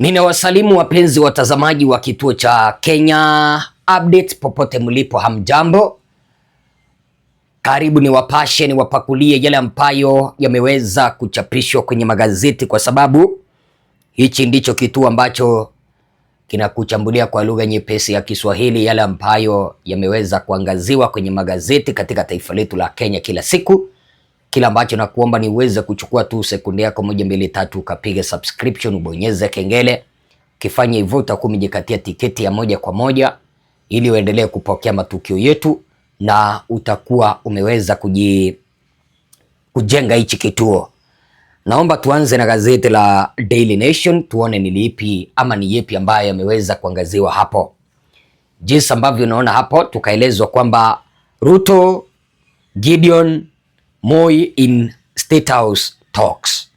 Ninawasalimu wapenzi watazamaji wa kituo cha Kenya Update popote mlipo, hamjambo. Karibu ni wapashe ni wapakulie yale ambayo yameweza kuchapishwa kwenye magazeti, kwa sababu hichi ndicho kituo ambacho kinakuchambulia kwa lugha nyepesi ya Kiswahili yale ambayo yameweza kuangaziwa kwenye magazeti katika taifa letu la Kenya kila siku. Kila ambacho nakuomba ni uweze kuchukua tu sekunde yako moja mbili tatu, ukapiga subscription, ubonyeze kengele. Ukifanya hivyo utakuwa umejikatia tiketi ya moja kwa moja ili uendelee kupokea matukio yetu na utakuwa umeweza kuji, kujenga hichi kituo. Naomba tuanze na gazeti la Daily Nation, tuone ni lipi ama ni yepi ambayo yameweza kuangaziwa hapo. Jinsi ambavyo unaona hapo, tukaelezwa kwamba Ruto Gideon Moi in State House talks.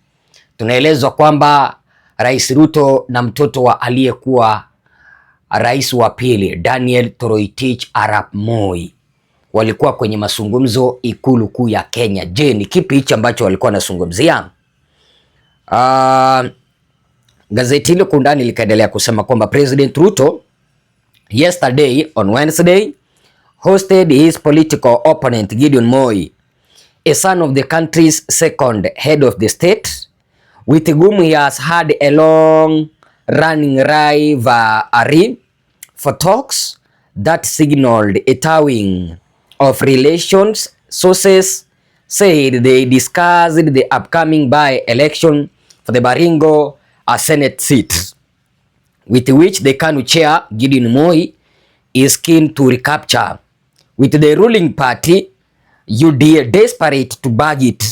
Tunaelezwa kwamba Rais Ruto na mtoto wa aliyekuwa rais wa pili Daniel Toroitich Arap Moi walikuwa kwenye mazungumzo ikulu kuu ya Kenya. Je, ni kipi hichi ambacho walikuwa wanazungumzia? Uh, gazeti hilo kwa undani likaendelea kusema kwamba President Ruto yesterday on Wednesday hosted his political opponent Gideon Moi a son of the country's second head of the state, with whom he has had a long running rivalry for talks that signaled a thawing of relations. Sources said they discussed the upcoming by-election for the Baringo a Senate seat, with which the KANU chair Gideon Moi is keen to recapture, with the ruling party you de desperate to bag it.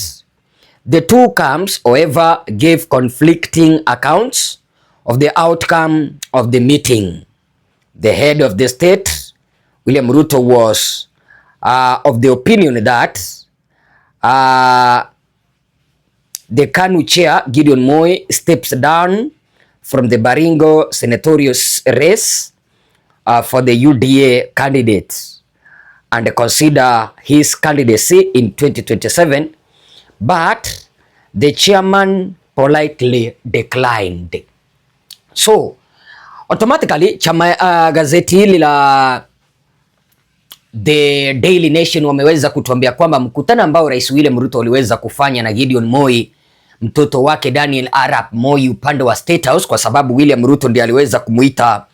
The two camps, however, gave conflicting accounts of the outcome of the meeting. The head of the state, William Ruto, was uh, of the opinion that uh, the KANU chair, Gideon moy steps down from the Baringo senatorial race uh, for the UDA candidates and consider his candidacy in 2027 but the chairman politely declined. So automatically chama, uh, gazeti hili la The Daily Nation wameweza kutuambia kwamba mkutano ambao Rais William Ruto aliweza kufanya na Gideon Moi mtoto wake Daniel Arap Moi upande wa State House, kwa sababu William Ruto ndiye aliweza kumuita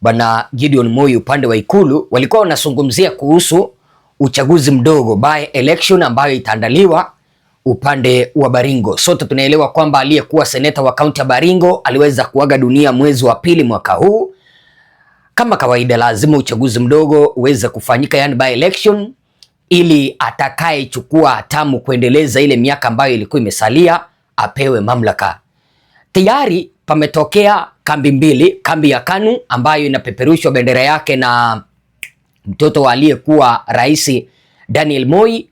Bwana Gideon Moi upande wa Ikulu walikuwa wanazungumzia kuhusu uchaguzi mdogo by election ambayo itaandaliwa upande wa Baringo. Sote tunaelewa kwamba aliyekuwa seneta wa kaunti ya Baringo aliweza kuaga dunia mwezi wa pili mwaka huu. Kama kawaida, lazima uchaguzi mdogo uweze kufanyika, yani by election, ili atakayechukua hatamu kuendeleza ile miaka ambayo ilikuwa imesalia apewe mamlaka. Tayari pametokea kambi mbili, kambi ya KANU ambayo inapeperushwa bendera yake na mtoto aliyekuwa rais Daniel Moi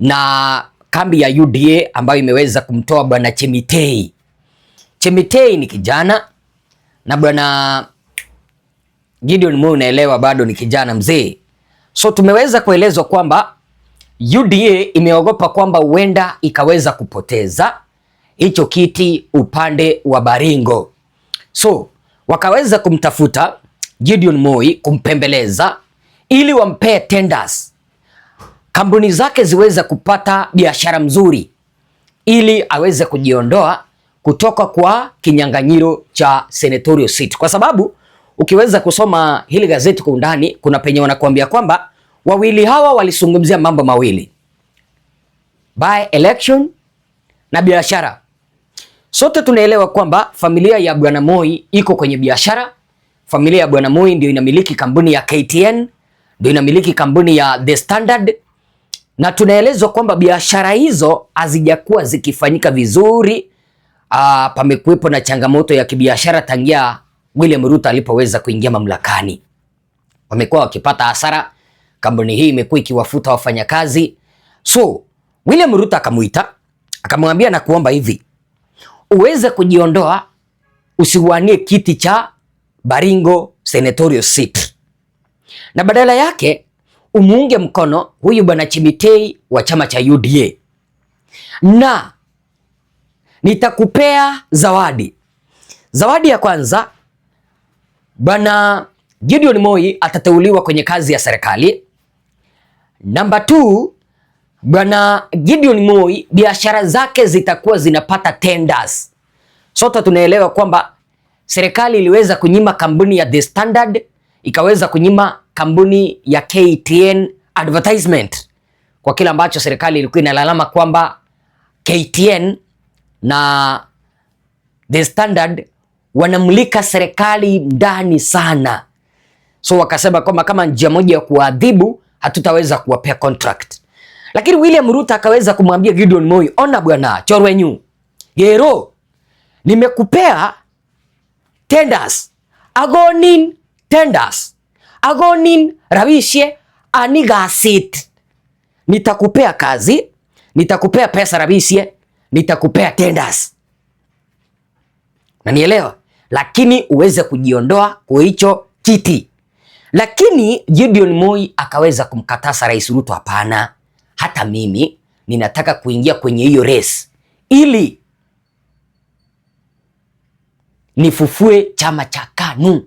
na kambi ya UDA ambayo imeweza kumtoa bwana Chemitei. Chemitei ni kijana na bwana Gideon Moi, unaelewa, bado ni kijana mzee. So tumeweza kuelezwa kwamba UDA imeogopa kwamba huenda ikaweza kupoteza hicho kiti upande wa Baringo. So wakaweza kumtafuta Gideon Moi kumpembeleza ili wampee tenders, kampuni zake ziweze kupata biashara mzuri, ili aweze kujiondoa kutoka kwa kinyang'anyiro cha senatorial seat, kwa sababu ukiweza kusoma hili gazeti kwa undani, kuna penye wanakuambia kwamba wawili hawa walizungumzia mambo mawili by election na biashara. Sote tunaelewa kwamba familia ya Bwana Moi iko kwenye biashara. Familia ya Bwana Moi ndio inamiliki kampuni ya KTN, ndio inamiliki kampuni ya The Standard, na tunaelezwa kwamba biashara hizo hazijakuwa zikifanyika vizuri. Aa, ah, pamekuwepo na changamoto ya kibiashara tangia William Ruto alipoweza kuingia mamlakani, wamekuwa wakipata hasara. Kampuni hii imekuwa ikiwafuta wafanyakazi. So William Ruto akamuita akamwambia na kuomba hivi uweze kujiondoa usiwanie kiti cha Baringo Senatorial seat na badala yake umuunge mkono huyu bwana Chimitei wa chama cha UDA, na nitakupea zawadi. Zawadi ya kwanza, bwana Gideon Moi atateuliwa kwenye kazi ya serikali. Namba Bwana Gideon Moi biashara zake zitakuwa zinapata tenders. Sote tunaelewa kwamba serikali iliweza kunyima kampuni ya The Standard, ikaweza kunyima kampuni ya KTN advertisement kwa kile ambacho serikali ilikuwa inalalama kwamba KTN na The Standard wanamulika serikali ndani sana, so wakasema kwamba kama njia moja ya kuadhibu, hatutaweza kuwapea contract lakini William Ruto akaweza kumwambia Gideon Moi, ona bwana Chorwenyu, Gero, nimekupea tenders agonin tenders agonin rabishe anigasit, nitakupea kazi, nitakupea pesa rabishe, nitakupea tenders, nanielewa, lakini uweze kujiondoa kwa hicho kiti. Lakini Gideon Moi akaweza kumkatasa Rais Ruto, hapana hata mimi ninataka kuingia kwenye hiyo race ili nifufue chama cha KANU.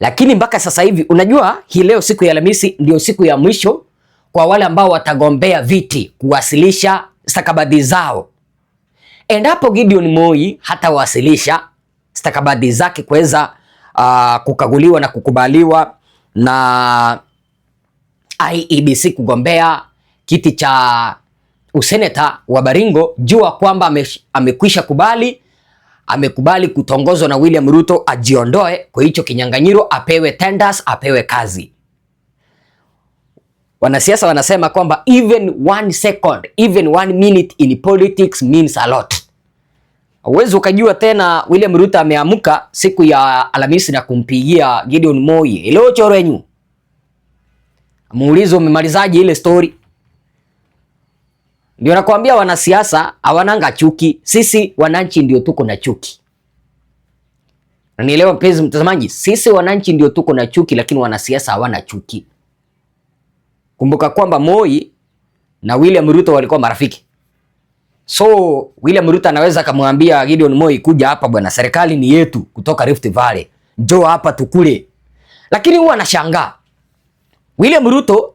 Lakini mpaka sasa hivi unajua, hii leo siku ya Alhamisi ndio siku ya mwisho kwa wale ambao watagombea viti kuwasilisha stakabadhi zao. Endapo Gideon Moi hatawasilisha stakabadhi zake kuweza uh, kukaguliwa na kukubaliwa na IEBC kugombea kiti cha useneta wa Baringo, jua kwamba amekwisha kubali, amekubali kutongozwa na William Ruto ajiondoe kwa hicho kinyang'anyiro, apewe tenders, apewe kazi. Wanasiasa wanasema kwamba even one second, even one minute in politics means a lot. Huwezi ukajua tena William Ruto ameamka siku ya Alhamisi na kumpigia Gideon Moi, choro chorenyu muulizo umemalizaje ile story. Ndio nakwambia wanasiasa hawananga chuki, sisi wananchi ndio tuko na chuki. Na nielewa mpenzi mtazamaji, sisi wananchi ndio tuko na chuki, lakini wanasiasa hawana chuki. Kumbuka kwamba Moi na William Ruto walikuwa marafiki. So William Ruto anaweza akamwambia Gideon Moi, kuja hapa bwana, serikali ni yetu kutoka Rift Valley, njoo hapa tukule. Lakini huwa anashangaa William Ruto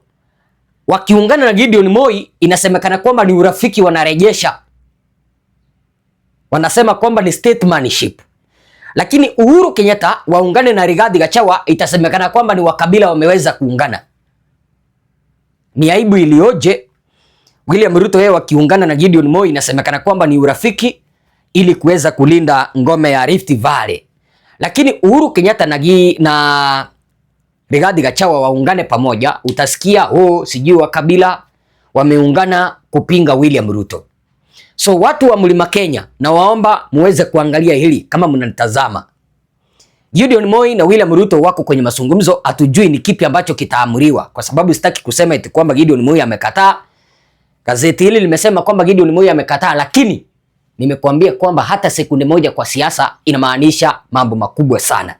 wakiungana na Gideon Moi inasemekana kwamba ni urafiki wanarejesha, wanasema kwamba ni statesmanship, lakini Uhuru Kenyatta waungane na Rigathi Gachagua itasemekana kwamba ni wakabila wameweza kuungana. Ni aibu iliyoje! William Ruto yeye wakiungana na Gideon Moi inasemekana kwamba ni urafiki ili kuweza kulinda ngome ya Rift Valley, lakini Uhuru Kenyatta na, na Rigathi Gachagua waungane pamoja, utasikia oh, sijui wa kabila wameungana kupinga William Ruto. So watu wa Mlima Kenya na waomba muweze kuangalia hili kama mnanitazama. Gideon Moi na William Ruto wako kwenye mazungumzo, hatujui ni kipi ambacho kitaamuliwa, kwa sababu sitaki kusema eti kwamba Gideon Moi amekataa. Gazeti hili limesema kwamba Gideon Moi amekataa, lakini nimekuambia kwamba hata sekunde moja kwa siasa inamaanisha mambo makubwa sana.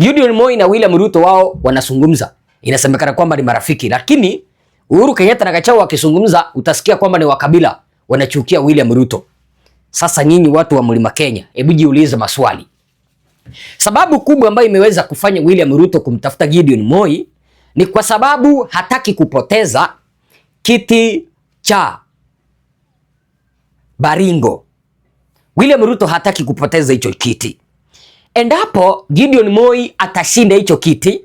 Gideon Moi na William Ruto wao wanazungumza, inasemekana kwamba ni marafiki, lakini Uhuru Kenyatta na Gachagua wakizungumza utasikia kwamba ni wakabila, wanachukia William Ruto. Sasa nyinyi watu wa Mlima Kenya, hebu jiulize maswali. Sababu kubwa ambayo imeweza kufanya William Ruto kumtafuta Gideon Moi ni kwa sababu hataki kupoteza kiti cha Baringo. William Ruto hataki kupoteza hicho kiti. Endapo Gideon Moi atashinda hicho kiti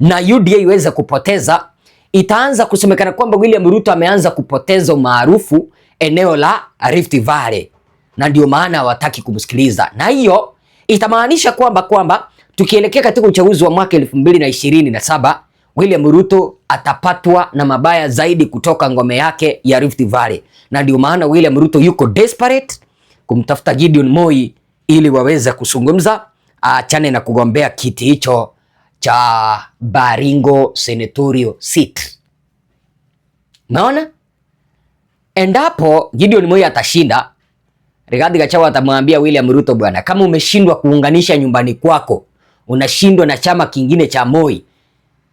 na UDA iweze kupoteza, itaanza kusemekana kwamba William Ruto ameanza kupoteza umaarufu eneo la Rift Valley, na ndio maana hawataki kumsikiliza, na hiyo itamaanisha kwamba kwamba tukielekea katika uchaguzi wa mwaka elfu mbili na ishirini na saba William Ruto atapatwa na mabaya zaidi kutoka ngome yake ya Rift Valley, na ndio maana William Ruto yuko desperate kumtafuta Gideon Moi ili waweze kusungumza achane na kugombea kiti hicho cha Baringo Senatorial seat. Naona endapo Gideon Moi atashinda, Rigathi Gachagua atamwambia William Ruto, bwana, kama umeshindwa kuunganisha nyumbani kwako, unashindwa na chama kingine cha Moi,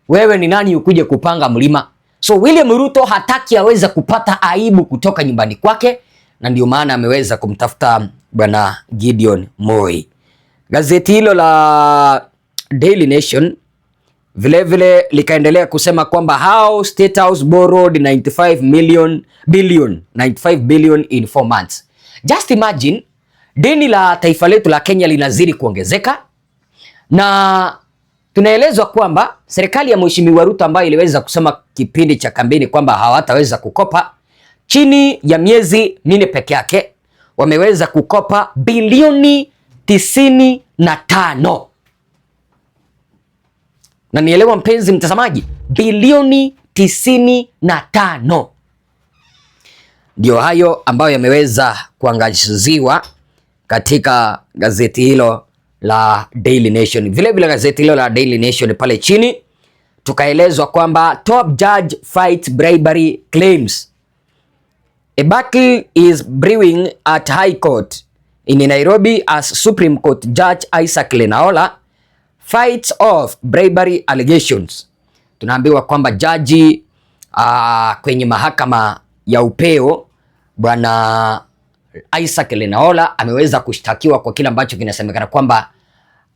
wewe ni nani ukuje kupanga mlima? So William Ruto hataki aweza kupata aibu kutoka nyumbani kwake, na ndio maana ameweza kumtafuta bwana Gideon Moi. Gazeti hilo la Daily Nation vilevile likaendelea kusema kwamba how State House borrowed 95 million billion 95 billion in 4 months. Just imagine deni la taifa letu la Kenya linazidi kuongezeka na tunaelezwa kwamba serikali ya Mheshimiwa Ruto ambayo iliweza kusema kipindi cha kampeni kwamba hawataweza kukopa chini ya miezi mine peke yake wameweza kukopa bilioni tisini na tano na nielewa mpenzi mtazamaji, bilioni tisini na tano ndiyo hayo ambayo yameweza kuangaziwa katika gazeti hilo la Daily Nation. vile gazeti hilo la Daily Nation pale chini tukaelezwa kwamba top judge fight bribery claims A battle is brewing at High Court in Nairobi as Supreme Court Judge Isaac Lenaola fights off bribery allegations. Tunaambiwa kwamba jaji uh, kwenye mahakama ya upeo bwana Isaac Lenaola ameweza kushtakiwa kwa kile ambacho kinasemekana kwamba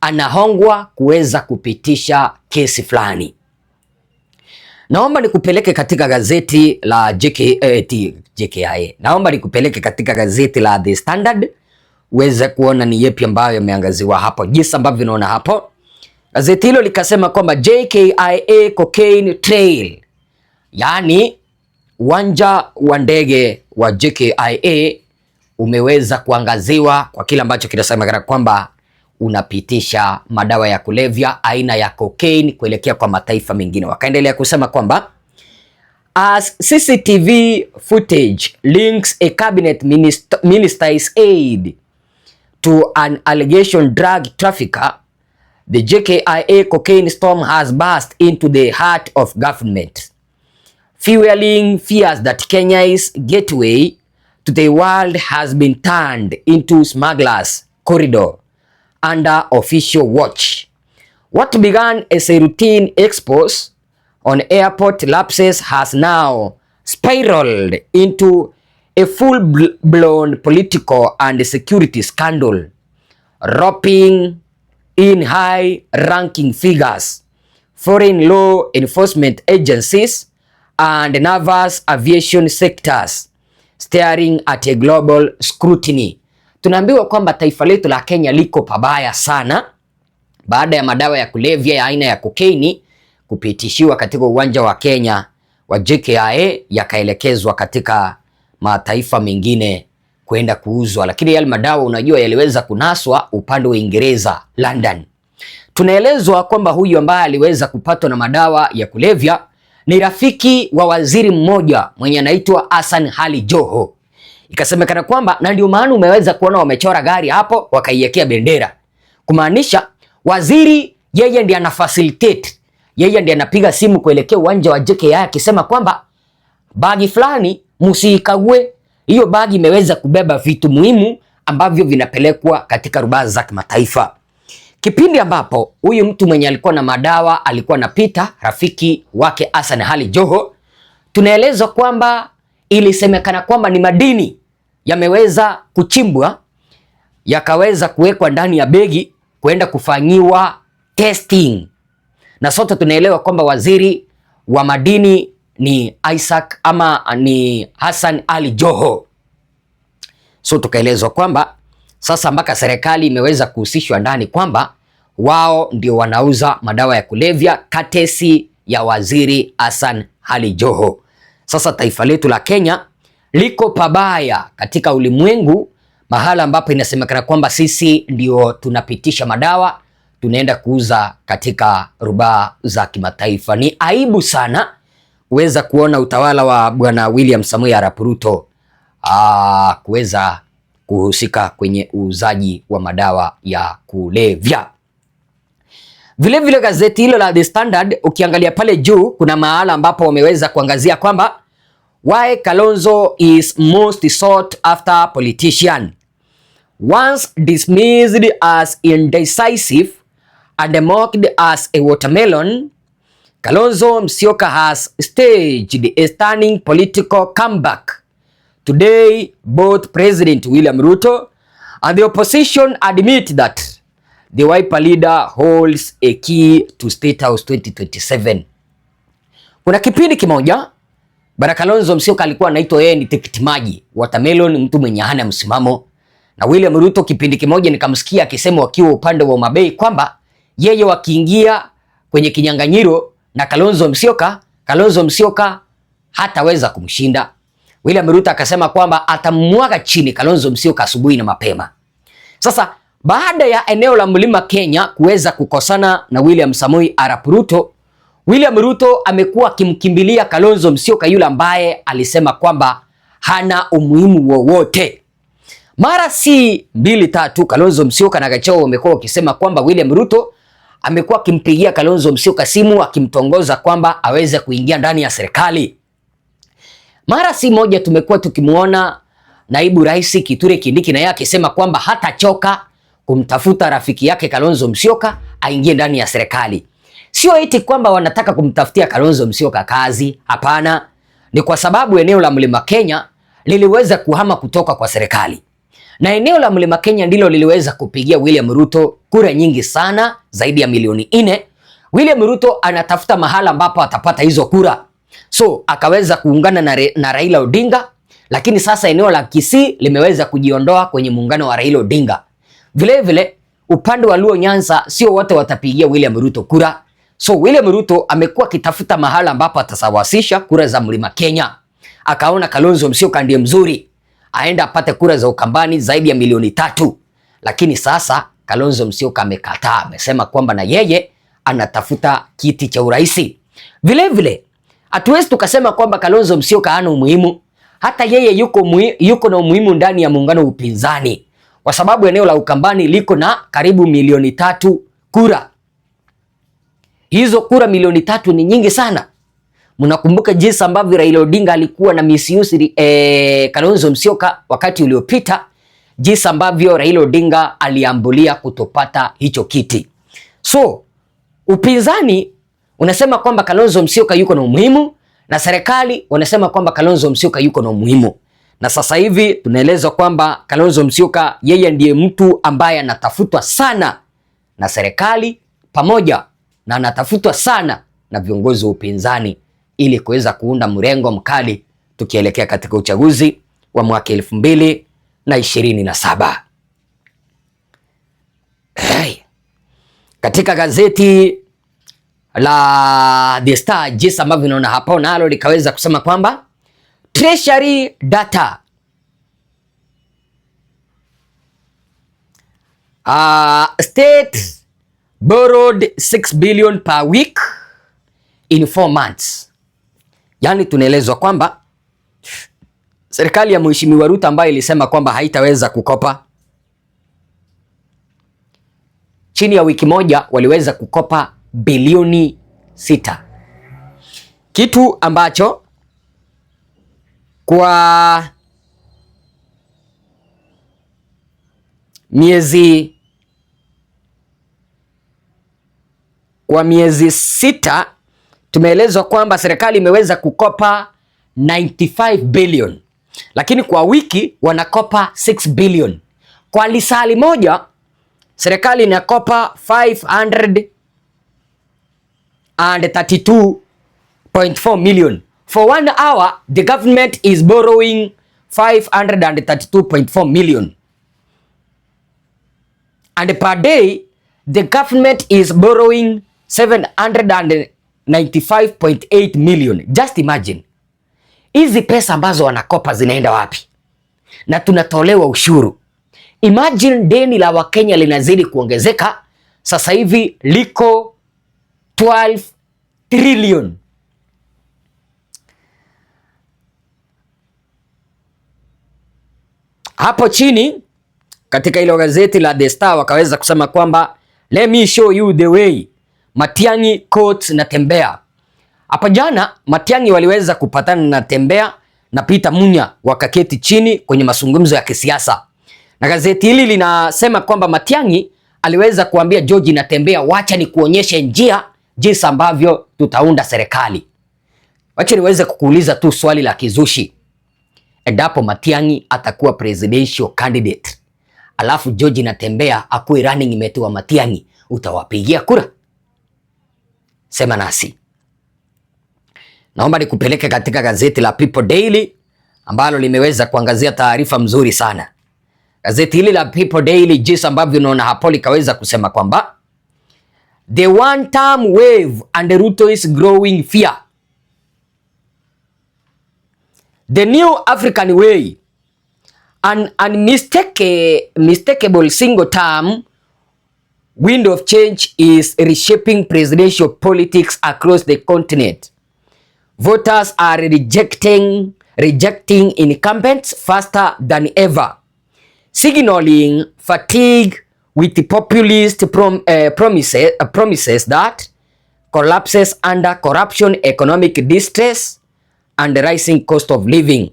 anahongwa kuweza kupitisha kesi fulani. Naomba nikupeleke katika gazeti la JK, eh, JKIA. Naomba nikupeleke katika gazeti la The Standard uweze kuona ni yepi ambayo yameangaziwa hapo, jinsi ambavyo unaona hapo. Gazeti hilo likasema kwamba JKIA Cocaine Trail, yaani uwanja wa ndege wa JKIA umeweza kuangaziwa kwa kile ambacho kinasemekana kwamba unapitisha madawa ya kulevya aina ya cocaine kuelekea kwa mataifa mengine. Wakaendelea kusema kwamba as ah, CCTV footage links a cabinet minister, minister's aid to an allegation drug trafficker the JKIA cocaine storm has burst into the heart of government fueling fears that Kenya's gateway to the world has been turned into smugglers corridor under official watch. What began as a routine expose on airport lapses has now spiraled into a full-blown political and security scandal, roping in high-ranking figures, foreign law enforcement agencies, and naval aviation sectors, staring at a global scrutiny tunaambiwa kwamba taifa letu la Kenya liko pabaya sana baada ya madawa ya kulevya ya aina ya kokaini kupitishiwa katika uwanja wa Kenya wa JKIA yakaelekezwa katika mataifa mengine kwenda kuuzwa, lakini yale madawa unajua yaliweza kunaswa upande wa Uingereza, London. Tunaelezwa kwamba huyu ambaye aliweza kupatwa na madawa ya kulevya ni rafiki wa waziri mmoja mwenye anaitwa Hassan Ali Joho. Ikasemekana kwamba na ndio maana umeweza kuona wamechora gari hapo wakaiwekea bendera, kumaanisha waziri yeye ndiye ana facilitate, yeye ndiye anapiga simu kuelekea uwanja wa JKI akisema kwamba bagi fulani msikague, hiyo bagi imeweza kubeba vitu muhimu ambavyo vinapelekwa katika rubaa za kimataifa. Kipindi ambapo huyu mtu mwenye alikuwa na madawa alikuwa anapita, rafiki wake Hassan Ali Joho, tunaelezwa kwamba ilisemekana kwamba ni madini yameweza kuchimbwa yakaweza kuwekwa ndani ya begi kwenda kufanyiwa testing, na sote tunaelewa kwamba waziri wa madini ni Isaac ama ni Hassan Ali Joho. So tukaelezwa kwamba sasa mpaka serikali imeweza kuhusishwa ndani kwamba wao ndio wanauza madawa ya kulevya katesi ya waziri Hassan Ali Joho. Sasa taifa letu la Kenya liko pabaya katika ulimwengu, mahala ambapo inasemekana kwamba sisi ndio tunapitisha madawa tunaenda kuuza katika rubaa za kimataifa. Ni aibu sana kuweza kuona utawala wa Bwana William Samoei Arap Ruto ah, kuweza kuhusika kwenye uuzaji wa madawa ya kulevya. Vilevile vile gazeti hilo la The Standard ukiangalia pale juu kuna mahala ambapo wameweza kuangazia kwamba why Kalonzo is most sought after politician once dismissed as indecisive and mocked as a watermelon Kalonzo Musyoka has staged a stunning political comeback today both President William Ruto and the opposition admit that The Wiper leader holds a key to State House 2027. Kuna kipindi kimoja Bwana Kalonzo Musyoka alikuwa anaitwa yeye ni tikiti maji, watermelon, mtu mwenye hana msimamo. Na William Ruto kipindi kimoja nikamsikia akisema wakiwa upande wa Mabei kwamba yeye wakiingia kwenye kinyang'anyiro na Kalonzo Musyoka, Kalonzo Musyoka hataweza kumshinda. William Ruto akasema kwamba atammwaga chini Kalonzo Musyoka asubuhi na mapema. Sasa baada ya eneo la Mlima Kenya kuweza kukosana na William Samoi Arap Ruto, William Ruto amekuwa akimkimbilia Kalonzo Musyoka, yule ambaye alisema kwamba hana umuhimu wowote. Mara si mbili tatu, Kalonzo Musyoka na Gachagua wamekuwa wakisema kwamba William Ruto amekuwa akimpigia Kalonzo Musyoka simu akimtongoza kwamba aweze kuingia ndani ya serikali. Mara si moja tumekuwa tukimuona naibu rais Kithure Kindiki na yeye akisema kwamba hatachoka kumtafuta rafiki yake Kalonzo Musyoka aingie ndani ya serikali. Sio eti kwamba wanataka kumtafutia Kalonzo Musyoka kazi, hapana. Ni kwa sababu eneo la Mlima Kenya liliweza kuhama kutoka kwa serikali, na eneo la Mlima Kenya ndilo liliweza kupigia William Ruto kura nyingi sana, zaidi ya milioni nne. William Ruto anatafuta mahala ambapo atapata hizo kura, so akaweza kuungana na, na Raila Odinga, lakini sasa eneo la Kisii limeweza kujiondoa kwenye muungano wa Raila Odinga. Vilevile upande wa Luo Nyanza sio wote watapigia William Ruto kura. So William Ruto amekuwa akitafuta mahala ambapo atasawasisha kura za Mlima Kenya. Akaona Kalonzo Musyoka ndiye mzuri, aenda apate kura za Ukambani zaidi ya milioni tatu. Lakini sasa Kalonzo Musyoka amekataa, amesema kwamba na yeye anatafuta kiti cha uraisi. Vilevile hatuwezi tukasema kwamba Kalonzo Musyoka hana umuhimu, hata yeye yuko, yuko na umuhimu ndani ya muungano upinzani kwa sababu eneo la Ukambani liko na karibu milioni tatu kura. Hizo kura milioni tatu ni nyingi sana. Mnakumbuka jinsi ambavyo Raila Odinga alikuwa na misiusi eh, Kalonzo Musyoka wakati uliopita, jinsi ambavyo Raila Odinga aliambulia kutopata hicho kiti. So upinzani unasema kwamba Kalonzo Musyoka yuko na umuhimu na serikali wanasema kwamba Kalonzo Musyoka yuko na umuhimu na sasa hivi tunaelezwa kwamba Kalonzo Musyoka yeye ndiye mtu ambaye anatafutwa sana na serikali pamoja na anatafutwa sana na viongozi wa upinzani ili kuweza kuunda mrengo mkali tukielekea katika uchaguzi wa mwaka elfu mbili na ishirini na saba. Hey. Katika gazeti la The Star jinsi ambavyo naona hapo nalo na likaweza kusema kwamba treasury data. Uh, state borrowed 6 billion per week in 4 months. Yaani tunaelezwa kwamba serikali ya Mheshimiwa Ruto ambayo ilisema kwamba haitaweza kukopa, chini ya wiki moja waliweza kukopa bilioni sita, kitu ambacho kwa miezi kwa miezi sita tumeelezwa kwamba serikali imeweza kukopa 95 billion, lakini kwa wiki wanakopa 6 billion. Kwa lisali moja serikali inakopa 32.4 million. For one hour, the government is borrowing 532.4 million. And per day, the government is borrowing 795.8 million. Just imagine. Hizi pesa ambazo wanakopa zinaenda wapi? Na tunatolewa ushuru. Imagine deni la Wakenya linazidi kuongezeka, sasa hivi liko 12 trillion. Hapo chini katika ile gazeti la The Star wakaweza kusema kwamba let me show you the way Matiang'i court na Tembea. hapo jana Matiang'i waliweza kupatana na Tembea na Peter Munya wakaketi chini kwenye mazungumzo ya kisiasa. Na gazeti hili linasema kwamba Matiang'i aliweza kuambia George na Tembea, wacha ni kuonyeshe njia jinsi ambavyo tutaunda serikali. Wacha niweze kukuuliza tu swali la kizushi endapo Matiang'i atakuwa presidential candidate, alafu George Natembeya akuwe running mate wa Matiang'i, utawapigia kura? Sema nasi. Naomba nikupeleke katika gazeti la People Daily ambalo limeweza kuangazia taarifa mzuri sana. Gazeti hili la People Daily, jinsi ambavyo unaona hapo, likaweza kusema kwamba the one time wave and Ruto is growing fear The new African way, an unmistakable single term wind of change is reshaping presidential politics across the continent. Voters are rejecting, rejecting incumbents faster than ever, signaling fatigue with populist prom, uh, eh, promises, uh, eh, promises that collapses under corruption, economic distress and the rising cost of living.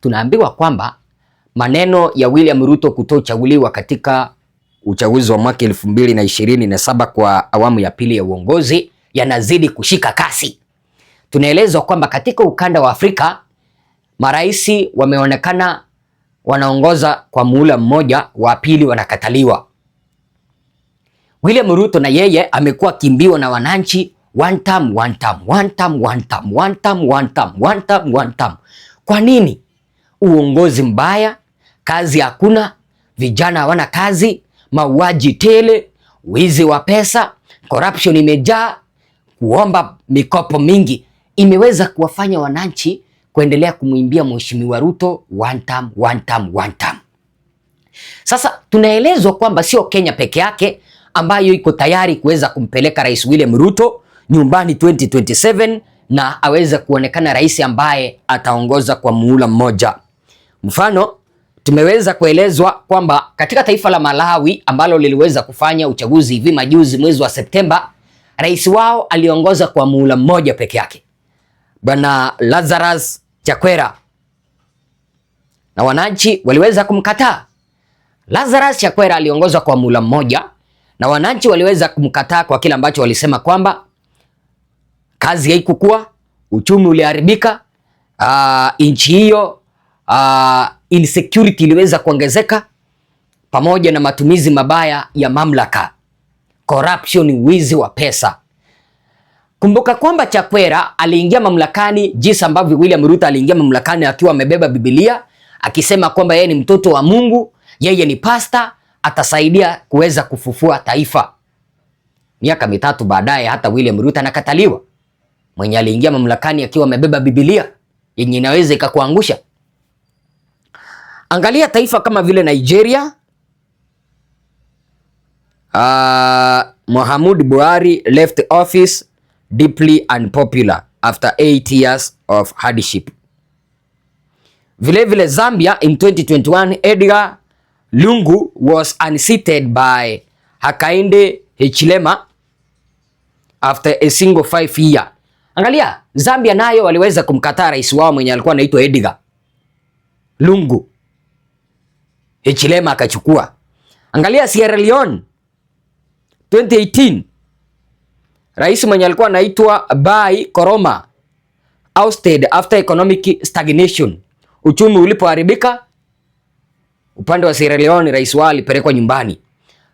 Tunaambiwa kwamba maneno ya William Ruto kutochaguliwa katika uchaguzi wa mwaka 2027 kwa awamu ya pili ya uongozi yanazidi kushika kasi. Tunaelezwa kwamba katika ukanda wa Afrika marais wameonekana wanaongoza kwa muhula mmoja, wa pili wanakataliwa. William Ruto na yeye amekuwa kimbiwa na wananchi one time, one time, one time, one time, one time, one time, one time, one time. Kwa nini? Uongozi mbaya, kazi hakuna, vijana hawana kazi, mauaji tele, wizi wa pesa, corruption imejaa, kuomba mikopo mingi imeweza kuwafanya wananchi kuendelea kumwimbia Mheshimiwa Ruto one time, one time, one time. Sasa tunaelezwa kwamba sio Kenya peke yake ambayo iko tayari kuweza kumpeleka Rais William Ruto nyumbani 2027 na aweze kuonekana rais ambaye ataongoza kwa muhula mmoja. Mfano, tumeweza kuelezwa kwamba katika taifa la Malawi ambalo liliweza kufanya uchaguzi hivi majuzi mwezi wa Septemba, rais wao aliongoza kwa muhula mmoja peke yake, Bwana Lazarus Chakwera, na wananchi waliweza kumkataa. Lazarus Chakwera aliongoza kwa muhula mmoja na wananchi waliweza kumkataa kwa kile ambacho walisema kwamba kazi haikukua, uchumi uliharibika, uh, nchi hiyo uh, insecurity iliweza kuongezeka pamoja na matumizi mabaya ya mamlaka, corruption, wizi wa pesa. Kumbuka kwamba Chakwera aliingia mamlakani jinsi ambavyo William Ruto aliingia mamlakani akiwa amebeba Biblia akisema kwamba yeye ni mtoto wa Mungu, yeye ni pasta, atasaidia kuweza kufufua taifa. Miaka mitatu baadaye hata William Ruto anakataliwa mwenye aliingia mamlakani akiwa amebeba Biblia yenye inaweza ikakuangusha. Angalia taifa kama vile Nigeria. Uh, ah, Muhammadu Buhari left office deeply unpopular after 8 years of hardship. Vile vile Zambia in 2021 Edgar Lungu was unseated by Hakainde Hichilema after a single 5 year Angalia, Zambia nayo waliweza kumkataa rais wao mwenye alikuwa anaitwa Edgar Lungu, Hichilema akachukua. Angalia Sierra Leone 2018 rais mwenye alikuwa anaitwa Bai Koroma ousted after economic stagnation, uchumi ulipoharibika upande wa Sierra Leone, rais wao alipelekwa nyumbani.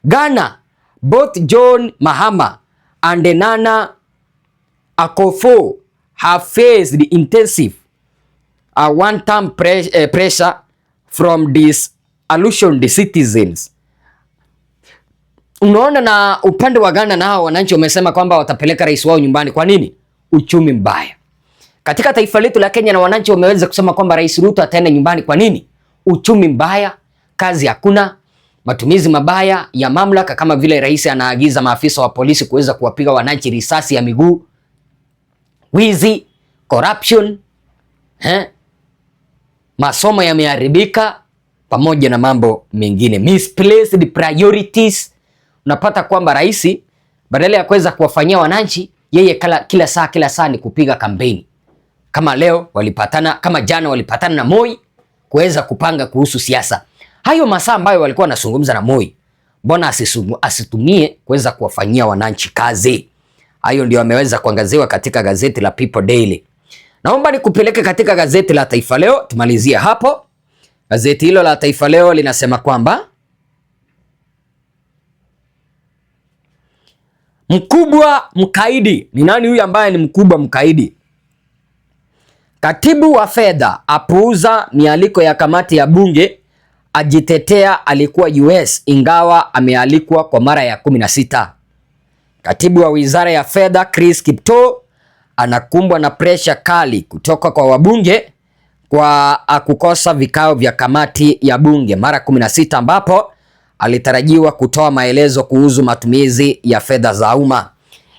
Ghana, both John Mahama and Nana Akofo have faced the intensive uh, one-time pres uh, pressure from the citizens. Unaona, na upande wa Ghana nao wananchi wamesema kwamba watapeleka rais wao nyumbani. Kwa nini? Uchumi mbaya katika taifa letu la Kenya, na wananchi wameweza kusema kwamba Rais Ruto ataenda nyumbani. Kwa nini? Uchumi mbaya, kazi hakuna, matumizi mabaya ya mamlaka, kama vile rais anaagiza maafisa wa polisi kuweza kuwapiga wananchi risasi ya miguu wizi, corruption, eh, masomo yameharibika pamoja na mambo mengine, misplaced priorities. Unapata kwamba rais badala ya kuweza kuwafanyia wananchi, yeye kila, kila saa kila saa ni kupiga kampeni. Kama leo walipatana, kama jana walipatana na Moi kuweza kupanga kuhusu siasa. Hayo masaa ambayo walikuwa wanazungumza na Moi, mbona asitumie kuweza kuwafanyia wananchi kazi? Hayo ndio ameweza kuangaziwa katika gazeti la People Daily. Naomba nikupeleke katika gazeti la Taifa Leo, tumalizie hapo. Gazeti hilo la Taifa Leo linasema kwamba mkubwa mkaidi ni nani? Huyu ambaye ni mkubwa mkaidi Katibu wa fedha apuuza mialiko ya kamati ya bunge, ajitetea alikuwa US ingawa amealikwa kwa mara ya 16. Katibu wa Wizara ya Fedha Chris kipto anakumbwa na presha kali kutoka kwa wabunge kwa kukosa vikao vya kamati ya bunge mara 16 ambapo alitarajiwa kutoa maelezo kuhusu matumizi ya fedha za umma.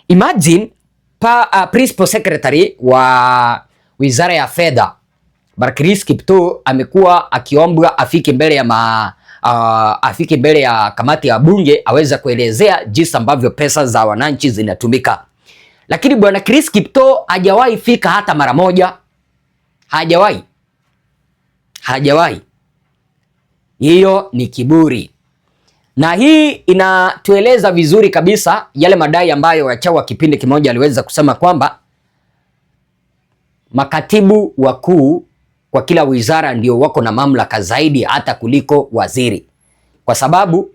Imagine pa, uh, principal secretary wa Wizara ya Fedha Chris Kipto amekuwa akiombwa afike mbele ya ma uh, afike mbele ya kamati ya bunge aweze kuelezea jinsi ambavyo pesa za wananchi zinatumika, lakini bwana Chris Kipto hajawahi fika hata mara moja, hajawahi hajawahi. Hiyo ni kiburi, na hii inatueleza vizuri kabisa yale madai ambayo Wachawa kipindi kimoja aliweza kusema kwamba makatibu wakuu kwa kila wizara ndio wako na mamlaka zaidi hata kuliko waziri, kwa sababu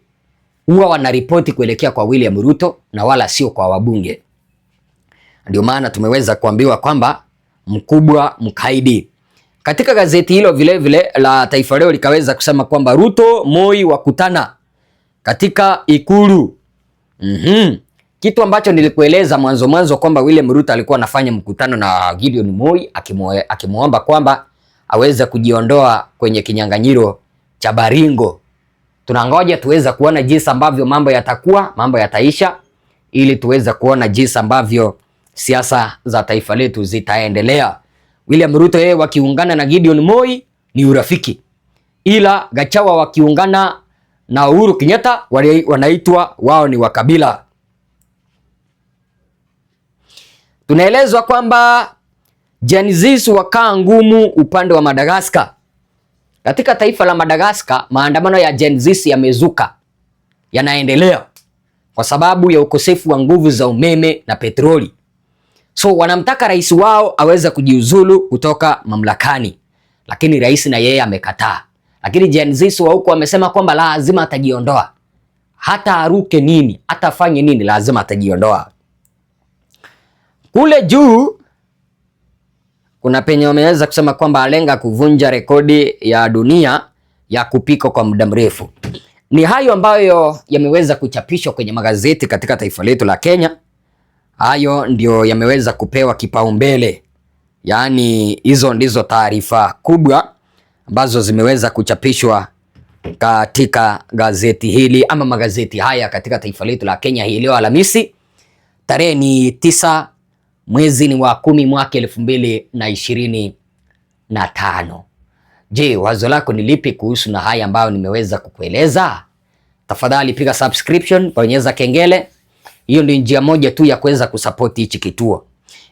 huwa wanaripoti kuelekea kwa William Ruto na wala sio kwa wabunge. Ndio maana tumeweza kuambiwa kwamba mkubwa mkaidi. Katika gazeti hilo vilevile vile la Taifa Leo likaweza kusema kwamba Ruto Moi wakutana katika Ikulu. mm -hmm. Kitu ambacho nilikueleza mwanzo mwanzo kwamba William Ruto alikuwa anafanya mkutano na Gideon Moi akimuomba kwamba aweza kujiondoa kwenye kinyang'anyiro cha Baringo. Tunangoja tuweza kuona jinsi ambavyo mambo yatakuwa, mambo yataisha, ili tuweza kuona jinsi ambavyo siasa za taifa letu zitaendelea. William Ruto yeye wakiungana na Gideon Moi ni urafiki, ila Gachawa wakiungana na Uhuru Kenyatta wanaitwa wao ni wakabila. Tunaelezwa kwamba Janizis wakaa ngumu upande wa madagaskar Katika taifa la madagaskar maandamano ya Janizis yamezuka, yanaendelea kwa sababu ya ukosefu wa nguvu za umeme na petroli. So wanamtaka rais wao aweze kujiuzulu kutoka mamlakani, lakini rais na yeye amekataa. Lakini Janizis wa huko wamesema kwamba lazima atajiondoa, hata aruke nini, hata afanye nini, lazima atajiondoa. Kule juu kuna penye wameweza kusema kwamba alenga kuvunja rekodi ya dunia ya kupikwa kwa muda mrefu. Ni hayo ambayo yameweza kuchapishwa kwenye magazeti katika taifa letu la Kenya. Hayo ndio yameweza kupewa kipaumbele, yaani hizo ndizo taarifa kubwa ambazo zimeweza kuchapishwa katika gazeti hili ama magazeti haya katika taifa letu la Kenya hii leo Alhamisi, tarehe ni tisa mwezi ni wa kumi mwaka elfu mbili na ishirini na tano. Je, wazo lako ni lipi kuhusu na haya ambayo nimeweza kukueleza? Tafadhali piga subscription, bonyeza kengele. Hiyo ndio njia moja tu ya kuweza kusapoti hichi kituo.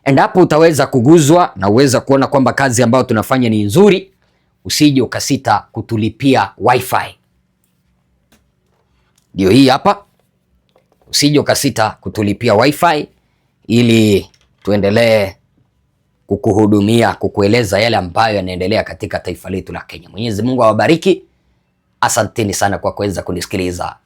Endapo utaweza kuguzwa na uweza kuona kwamba kazi ambayo tunafanya ni nzuri, usije ukasita kutulipia wifi. Ndio hii hapa, usije ukasita kutulipia wifi ili tuendelee kukuhudumia, kukueleza yale ambayo yanaendelea katika taifa letu la Kenya. Mwenyezi Mungu awabariki. Asanteni sana kwa kuweza kunisikiliza.